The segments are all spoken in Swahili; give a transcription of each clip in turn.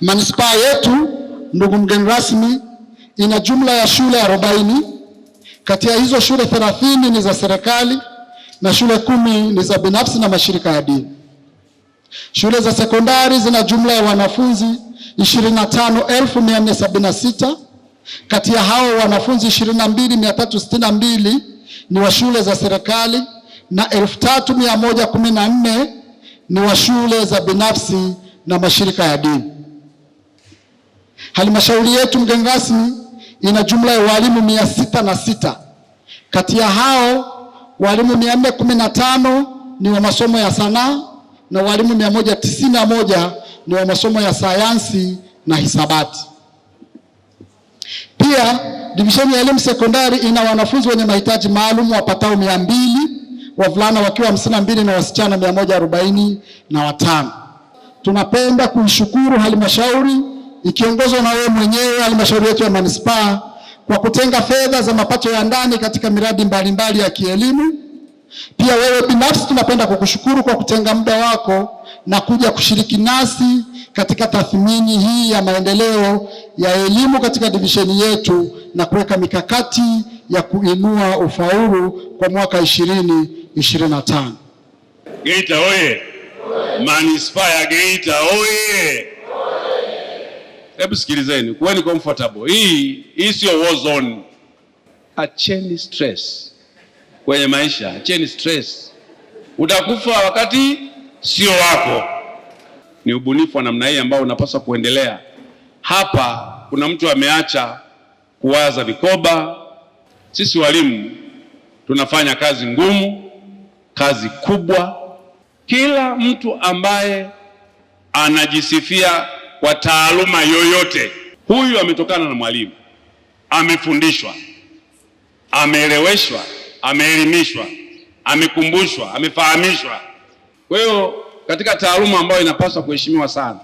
Manispaa yetu, ndugu mgeni rasmi, ina jumla ya shule 40. Kati ya hizo shule thelathini ni za serikali na shule kumi ni za binafsi na mashirika ya dini. Shule za sekondari zina jumla ya wanafunzi 25,476. Kati ya hao wanafunzi 22,362 ni wa shule za serikali na 3,114 ni wa shule za binafsi na mashirika ya dini. Halmashauri yetu mgeni rasmi ina jumla ya walimu mia sita na sita. Kati ya hao walimu mia nne kumi na tano ni wa masomo ya sanaa na walimu mia moja tisini na moja ni wa masomo ya sayansi na hisabati. Pia divisheni ya elimu sekondari ina wanafunzi wenye mahitaji maalum wapatao mia mbili wavulana wakiwa hamsini na mbili na wasichana mia moja arobaini na watano. Tunapenda kuishukuru halmashauri ikiongozwa na wewe mwenyewe halmashauri yetu ya manispaa kwa kutenga fedha za mapato ya ndani katika miradi mbalimbali ya kielimu. Pia wewe binafsi tunapenda kukushukuru kwa kutenga muda wako na kuja kushiriki nasi katika tathmini hii ya maendeleo ya elimu katika divisheni yetu na kuweka mikakati ya kuinua ufaulu kwa mwaka 2025. Geita oye! Manispaa ya Geita oye! hebu sikilizeni, kuweni comfortable. Hii hii sio war zone. Acheni stress kwenye maisha, acheni stress. Utakufa wakati sio wako. Ni ubunifu wa namna hii ambao unapaswa kuendelea. Hapa kuna mtu ameacha kuwaza vikoba. Sisi walimu tunafanya kazi ngumu, kazi kubwa. Kila mtu ambaye anajisifia kwa taaluma yoyote, huyu ametokana na mwalimu, amefundishwa, ameeleweshwa, ameelimishwa, amekumbushwa, amefahamishwa. Kwa hiyo katika taaluma ambayo inapaswa kuheshimiwa sana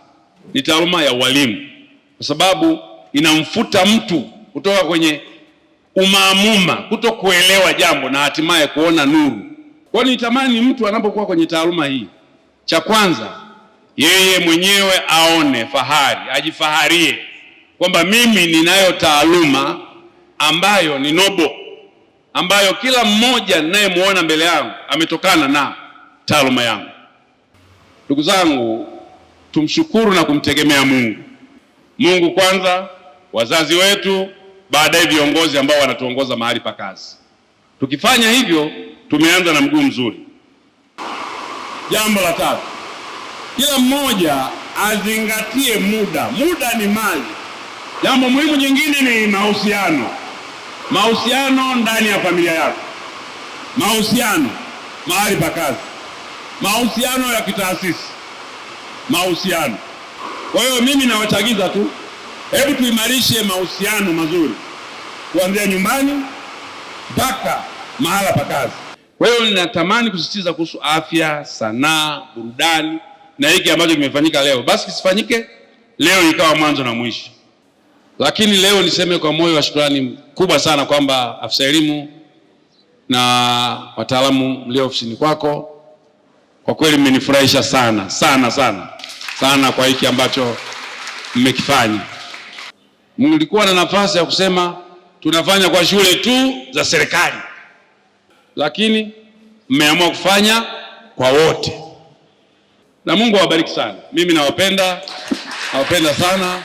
ni taaluma ya ualimu, kwa sababu inamfuta mtu kutoka kwenye umaamuma, kuto kuelewa jambo na hatimaye kuona nuru. Kwa hiyo nitamani mtu anapokuwa kwenye taaluma hii, cha kwanza yeye mwenyewe aone fahari, ajifaharie kwamba mimi ninayo taaluma ambayo ni nobo, ambayo kila mmoja ninayemwona mbele yangu ametokana na taaluma yangu. Ndugu zangu, tumshukuru na kumtegemea Mungu. Mungu kwanza, wazazi wetu, baadaye viongozi ambao wanatuongoza mahali pa kazi. Tukifanya hivyo, tumeanza na mguu mzuri. Jambo la tatu kila mmoja azingatie muda. Muda ni mali. Jambo muhimu jingine ni mahusiano, mahusiano ndani ya familia yako, mahusiano mahali pa kazi, mahusiano ya kitaasisi, mahusiano. Kwa hiyo mimi nawachagiza tu, hebu tuimarishe mahusiano mazuri kuanzia nyumbani mpaka mahala pa kazi. Kwa hiyo ninatamani kusisitiza kuhusu afya, sanaa, burudani na hiki ambacho kimefanyika leo, basi kisifanyike leo ikawa mwanzo na mwisho. Lakini leo niseme kwa moyo wa shukrani kubwa sana kwamba afisa elimu na wataalamu mlio ofisini kwako kwa kweli mmenifurahisha sana sana sana sana kwa hiki ambacho mmekifanya. Mlikuwa na nafasi ya kusema tunafanya kwa shule tu za serikali, lakini mmeamua kufanya kwa wote na Mungu awabariki sana. Mimi nawapenda, nawapenda sana.